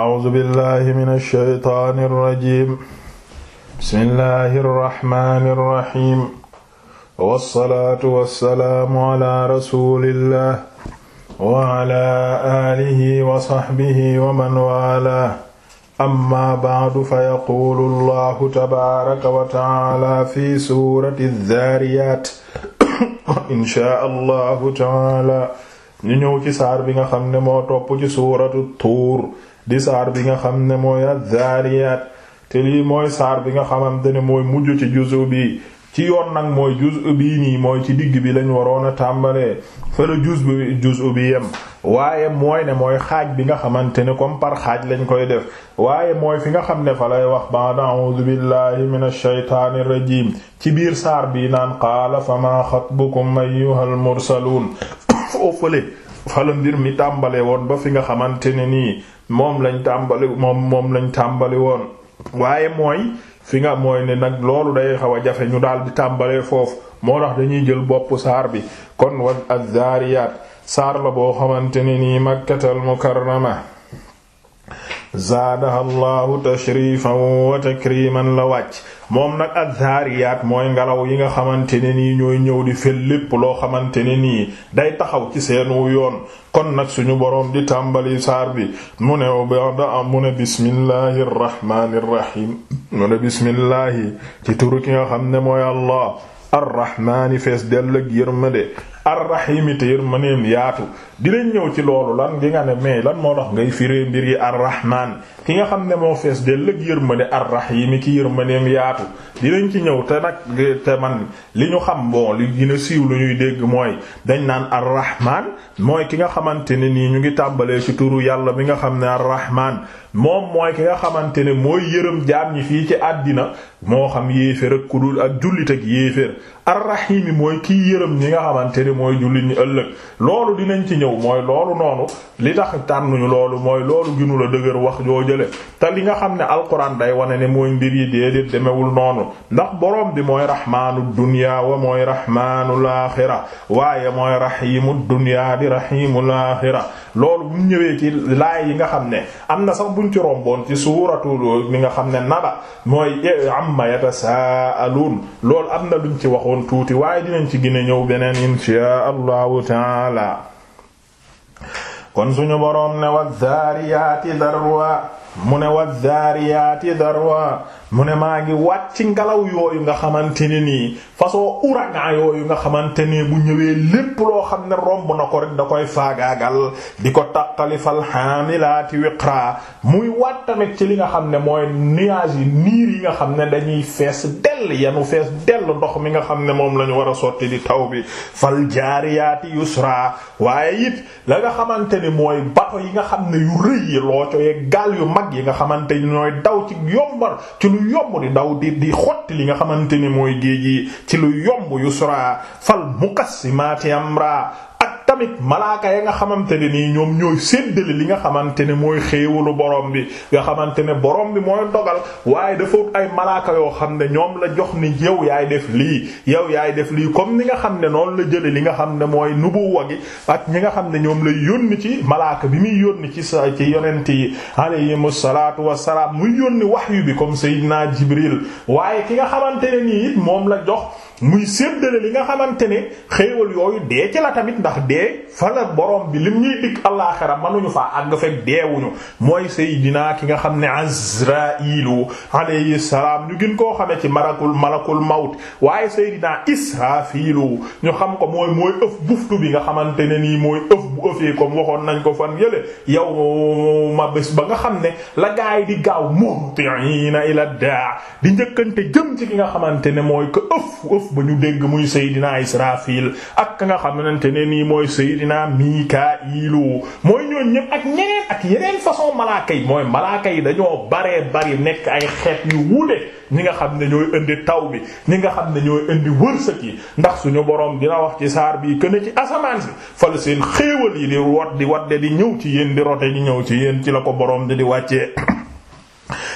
أعوذ بالله من الشيطان الرجيم بسم الله الرحمن الرحيم والصلاة والسلام على رسول الله وعلى آله وصحبه ومن والاه أما بعد فيقول الله تبارك وتعالى في سورة الذاريات إن شاء الله تعالى ñu ñëw ci saar bi nga xam ne moo topp ci suuratu Tuur di saar bi nga xam ne mooy az-Zaariyaat te lii mooy saar bi nga xamante ne mooy mujj ci juzu bi ci yoon nag mooy juzu bii nii mooy ci digg bi lañ waroon a tàmbalee fële juzu bi juzu bi yem waaye mooy ne mooy xaaj bi nga xamante ne comme par xaaj lañ koy def waaye mooy fi nga xam ne fa lay wax ba'da a'uudu billahi minash shaytaanir rajiim ci biir saar bi naan qaala famaa xatbukum ayyuhal mursaluun foofu fala mbir mi tàmbalee woon ba fi nga xamante ne nii moom lañ tàmbali moom moom lañ tàmbali woon waaye mooy fi nga mooy ne nag loolu day xaw a jafe ñu daal di tàmbalee foofu moo tax dañuy jël boppu saar bi kon wa az-Zaariyaat saar la boo xamante ne nii Makkatal Mukarrama zaadaha llahu tashrifan wa takriman la wàcc moom nag azzaariyaat mooy ngelaw yi nga xamante ne nii ñooy ñëw di fel lépp loo xamante ne nii day taxaw ci seenu yoon kon nag suñu boroom di tàmbali saar bi mu ne bada mu ne bismillahi rrahmani rrahim mu ne bismillahi ci turu nga xam ne mooy allah arrahmaani fees dell ak yërmande arrahimi te yërmandeem yaatu dinañ ñëw ci loolu lan gi nga ne mais lan moo tax ngay firee mbir yi arrahman ki nga xam ne moo fees del lëg yërmande arrahimi ki yërmandeem yaatu dinañ ci ñëw te nag man li ñu xam bon li gën lu ñuy dégg mooy dañ naan arrahman mooy ki nga xamante ne nii ñu ngi tàmbalee ci turu yàlla bi nga xam ne arrahman moom mooy ki nga xamante ne mooy yërëm jaam ñi fii ci àddina moo xam yéefér ak ku ak jullit ak yéefér arrahimi mooy kii yërëm ñi nga xamante ni mooy jullit ñi ëllëg loolu dinañ ci ñëw mooy loolu noonu li tax tànnuñu loolu mooy loolu ginu la dëgër wax joo jële te li nga xam ne alquran day wane ne mooy mbir yi déedéet demewul noonu ndax boroom bi mooy rahmaanu dunya wa mooy rahmaanul axira waaye mooy rahimu dunya di rahimul axira loolu bu ñu ñëwee ci laay yi nga xam ne am na sax buñ ci romboon ci suuratu mi nga xam ne naba mooy eh, amma yatasaaluun loolu am na luñ ci waxoon tuuti waaye dinañ ci gën a ñëw beneen inshaa allahu taala kon suñu boroom ne wa zaariyaati darwa mu ne wa zaariyaati darwa mu ne maa ngi ci ngelaw yooyu nga xamante ne nii façon ouragan yooyu nga xamante ne bu ñëwee lépp loo xam ne romb na ko rek da koy faagaagal di ko taqalifal hamilaati wiqra muy wat tamit ci li nga xam ne mooy nuages yi niir yi nga xam ne dañuy fees dell yanu fees dell ndox mi nga xam ne moom la ñu war a sotti di taw bi fal jaariyaati yusra waaye it la nga xamante ni mooy bato yi nga xam ne yu rëy yi loo coyee gaal yu mag yi nga xamante ni ñooy daw ci yombar lu yomb di daw di xotti li nga xamante ni mooy géej ci lu yomb yusra fal muqassimaati amra tamit malaaka ya nga xamante ne nii ñoom ñooy séddale li nga xamante ne mooy xéewalu borom bi nga xamante ne borom bi mooy dogal waaye dafa ay malaaka yoo xam ne ñoom la jox ni yow yaay def lii yow yaay def lii comme ni nga xam ne noonu la jële li nga xam ne mooy nubuwa gi ak ñi nga xam ne ñoom lay yónni ci malaaka bi muy yónni ci sa ci yonent yi alayhimu salaatu wassalaam muy yónni wahyu bi comme sayyidina Jibril waaye ki nga xamante nii moom la jox muy séddale li nga xamante ne xéewal yooyu dee ci la tamit ndax dee fa la borom bi lim ñuy dikk àllaaxira manuñu faa àgg fekk deewuñu mooy Seydina ki nga xam ne Azraayilu alayhi salaam ñu gën koo xamee ci malakul malakul mawt waaye Seydina Israafilu ñu xam ko mooy mooy ëf buftu bi nga xamante ne nii mooy ëf ëffee comme waxoon nañ ko fan yële yow ma bés ba nga xam ne la gaay di gaaw muhtiina ila daa di njëkkante jëm ci ki nga xamante ne mooy ko ëff ëff ba ñu dégg muy Seydina Israfil ak ka nga xamante ne nii mooy Seydina Mikaa'ilu mooy ñooñ ñëpp ak ñeneen ak yeneen façon malaaka yi mooy malaaka yi dañoo bare bari nekk ay xeet yu wuute ñi nga xam ne ñooy indi taw bi ñi nga xam ne ñooy indi wërsëg yi ndax suñu borom dina wax ci saar bii que ne ci asamaan si fala seen xéewal yi di wat di wadde di ñëw ci yéen di rote di ñëw ci yéen ci la ko borom di di wàccee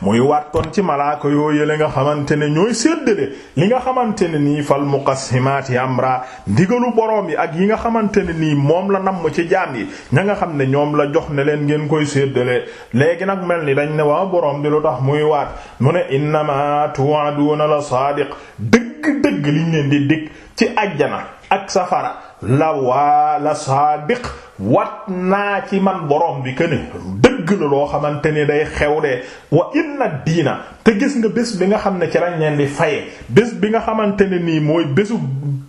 muy waat kon ci malaaka yoo yële nga xamante ne ñooy séddale li nga xamante ne nii fal muqassimaati amra digalu boroom yi ak yi nga xamante ne nii moom la namm ci jaam yi ña nga xam ne ñoom la jox ne leen ngeen koy séddale léegi nag mel ni dañ ne waaw boroom di lu tax muy waat mu ne innama tu'aduna la saadiq dëgg-dëgg liñ leen di dig ci ajjana ak safara la waa la saadiq wat naa ci man borom bi këne dëgg la loo xamante ni day xew de wa inna diina te gis nga bés bi nga xam ne ci lañ leen di faye bi nga xamante ne nii mooy bésu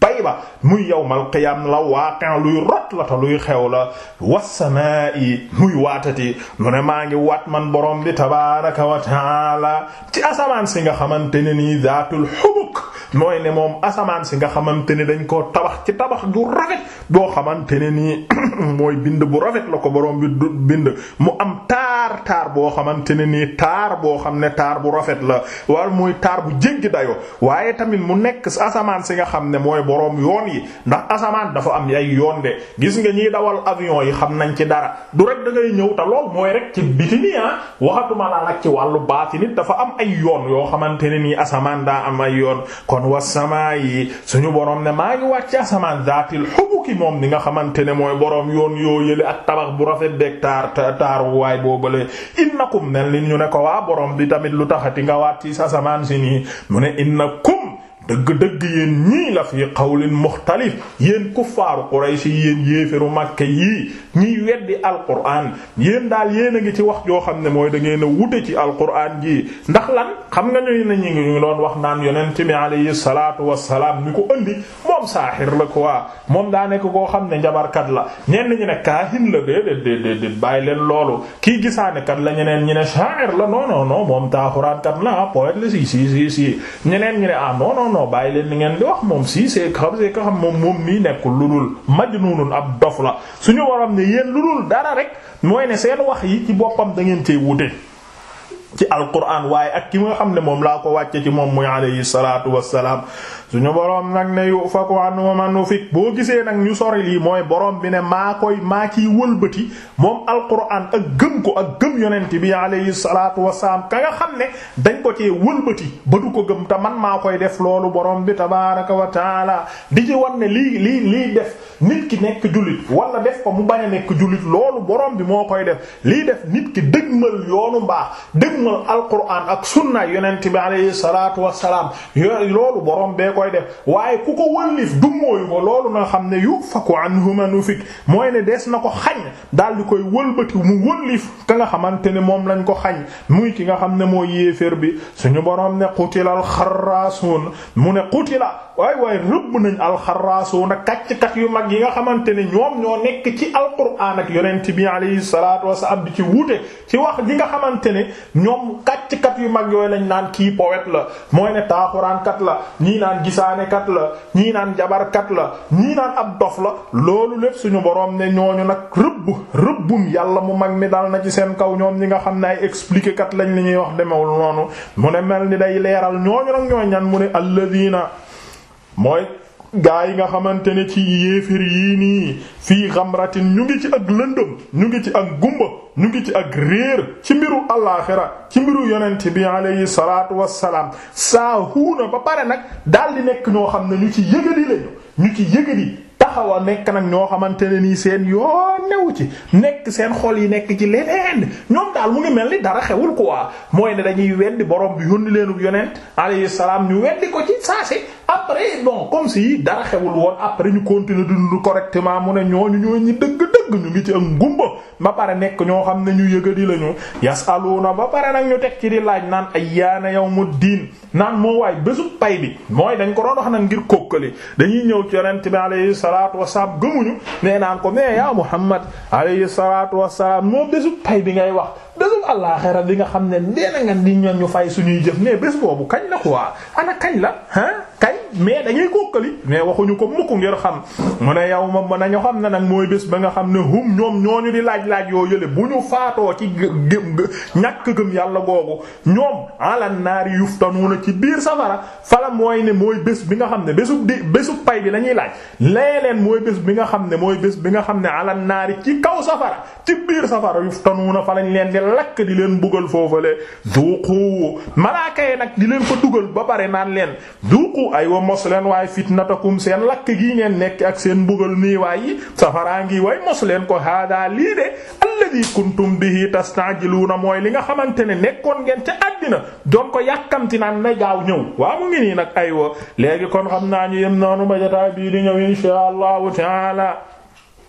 bay ba muy yawmal qiyam la waaqin luy rot la te luy xew la wasamaa'i muy waatati mu ne maa ngi waat man borom bi tabaaraka wa taala ci asamaan si nga xamante ne nii zaatul hubuk mooy ne moom asamaan si nga xamante ne dañ koo tabax ci tabax ju rafet boo xamante ne nii mooy bind bu rafet la ko borom bi du bind mu am taar taar boo xamante ne nii taar boo xam ne taar bu rafet la wala mooy taar bu jéggi dayoo waaye tamit mu nekk si asamaan si nga xam ne mooy borom yoon yi ndax asamaan dafa am ay yoon de gis nga ñiy dawal avion yi xam nañ ci dara du rek da ñëw te lool mooy rek ci biti nii ah waxatuma la nag ci wàllu baati nit dafa am ay yoon yoo xamante ne nii asamaan daa am ay yoon. kon wasamaa yi suñu borom ne maa ngi wàcc asamaan zaatil xubuki moom ni nga xamante ne mooy borom yoon yoo yële ak tabax bu rafet beeg taar taaru waay boobale innakum mel ni ñu ne ko waa borom bi tamit lu taxati nga wàcc asamaan si nii mu ne innakum dëgg-dëgg yéen ñii la fi qawlin mukhtalif yéen kuffaaru Quraysh yéen yéeferu Makka yii ñiy weddi alquran yéen daal yéen a ngi ci wax joo xam ne mooy da ngeen a wute ci alquran ji ndax lan xam nga ñooy ne ñi ngi ñu doon wax naan yonent bi alayhi salaatu wassalaam ni ko andi moom saaxir la quoi moom daa nekk koo xam ne njabarkat la ñenn ñi ne kaahin la déedéet déedéet bàyyi leen loolu kii gisaanekat la ñeneen ñi ne sha'ir la non non non moom taaxuraankat la poète la si si si si ñeneen ñi ne ah non non non bàyyi leen ni ngeen di wax moom si c'est xam c'est xam moom moom mii nekkul lu dul majnuunun ab dof la suñu waram ne yéen lu dul dara rek mooy ne seen wax yi ci boppam dangeen ngeen cey wute ci alquran waaye ak ki nga xam ne moom laa ko wàcce ci moom muy alayhi salaatu wassalaam suñu boroom nag ne yu faku anhu man ufik boo gisee nag ñu sori lii mooy boroom bi ne maa koy maa ciy wëlbati moom alquran ak gëm ko ak gëm yonent bi alayhi salaatu wasalaam ka xam ne dañ ko cee wëlbati ba ko gëm te man maa koy def loolu boroom bi tabaaraka wa taala ne lii lii lii def nit ki nekk jullit wala def ko mu bañ nekk jullit loolu boroom bi moo koy def lii def nit ki dëgmal yoonu mbaax dëgmal alquran ak sunna yonent bi alayhi salaatu wasalaam loolu boroom koy def waaye ku ko wëllif du mooyu ko loolu na xam ne yu fakku anhu manufik mooy ne dees na ko xañ daal di koy wëlbati mu wëllif ka nga xamante ne moom lañ ko xañ muy ki nga xam ne mooy yéeféer bi suñu boroom ne qutilal xarraasuun mu ne qutila waay waay rëbb nañ alxarraasuun ak kàcckat yu mag yi nga xamante ne ñoom ñoo nekk ci alquraan ak yonent bi alayhi salaatu wasalaam di ci wuute ci wax gi nga xamante ne ñoom kàcckat yu mag yooyu lañ naan kii poète la mooy ne taaxuraankat la ñii naan gisaanekat la ñii naan jabarkat la ñii naan ab dof la loolu lépp suñu boroom ne ñooñu nag rëbb rëbbum yàlla mu mag mi dal na ci seen kaw ñoom ñi nga xam ne ay expliquer kat lañ li ñuy wax demewul noonu mu ne mel ni day leeral ñooñu nag ñooy ñan mu ne alladina mooy gaa yi nga xamante ne ci yéefir yii nii fii xamratin ñu ngi ci ak lëndëm ñu ngi ci ak gumba ñu ngi ci ak réer ci mbiru alaxira ci mbiru yonent bi alayhi salaatu wassalaam saahuuna ba pare nag daal nekk ñoo xam ne ñu ci yëgadi lañu ñu ci yëgadi taxawa nekk nag ñoo xamante ne nii seen yoo new ci nekk seen xol yi nekk ci leneen ñoom daal mu ngi mel ni dara xewul quoi mooy ne dañuy weddi borom bi yónni leenu yonent alayhi salaam ñu weddi ko ci après bon comme si dara xewul woon après ñu continuer dund correctement mu ne ñooñu ñooñu ñu dëgg-dëgg ñu ngi ci ak ngumba ba pare nekk ñoo xam ne ñu yëgadi la ñu na ba pare nag ñu teg ci di laaj naan mu yawmuddiin naan moo waay bésu pay bi mooy dañ ko doon wax nag ngir kókkale dañuy ñëw ci yonent bi alayhi salaatu wasalaam gëmuñu nee naan ko mais yaa Muhammad alayhi salaatu wasalaam moo bésu pay bi ngay wax bésu àllaaxira bi nga xam ne nee na nga ñu fay suñuy jëf mais bés boobu kañ la quoi ana kañ la kay mais dañuy kókkali mais waxuñu ko mukk ngir xam mu ne yow ma nañu xam ne nag mooy bés ba nga xam ne hum ñoom ñoo ñu di laaj-laaj yoo yële bu ñu faatoo ci gëm ñàkk gëm yàlla googu ñoom alan naari na ci biir safara fala mooy ne mooy bés bi nga xam ne bésu bésu pay bi la ñuy laaj laye leen mooy bés bi nga xam ne mooy bés bi nga xam ne alan naari ci kaw safara ci biir safara na fa lañ leen di lakk di leen bugal foofale duuqu malaaka nag di leen ko dugal ba pare naan leen taqu ay wa mos leen waaye fitnatakum seen lakk gi ngeen nekk ak seen mbugal nii waay yi safaraa ngi way mos leen ko hada lii de alladhi kuntum bihi na mooy li nga xamante ne nekkoon ngeen ca àddina doon ko yàkkamti naan na gaaw ñëw waaw mu ngi nii nag aywa léegi kon xam naa ñu yem noonu ba bii di ñëw insha allahu taala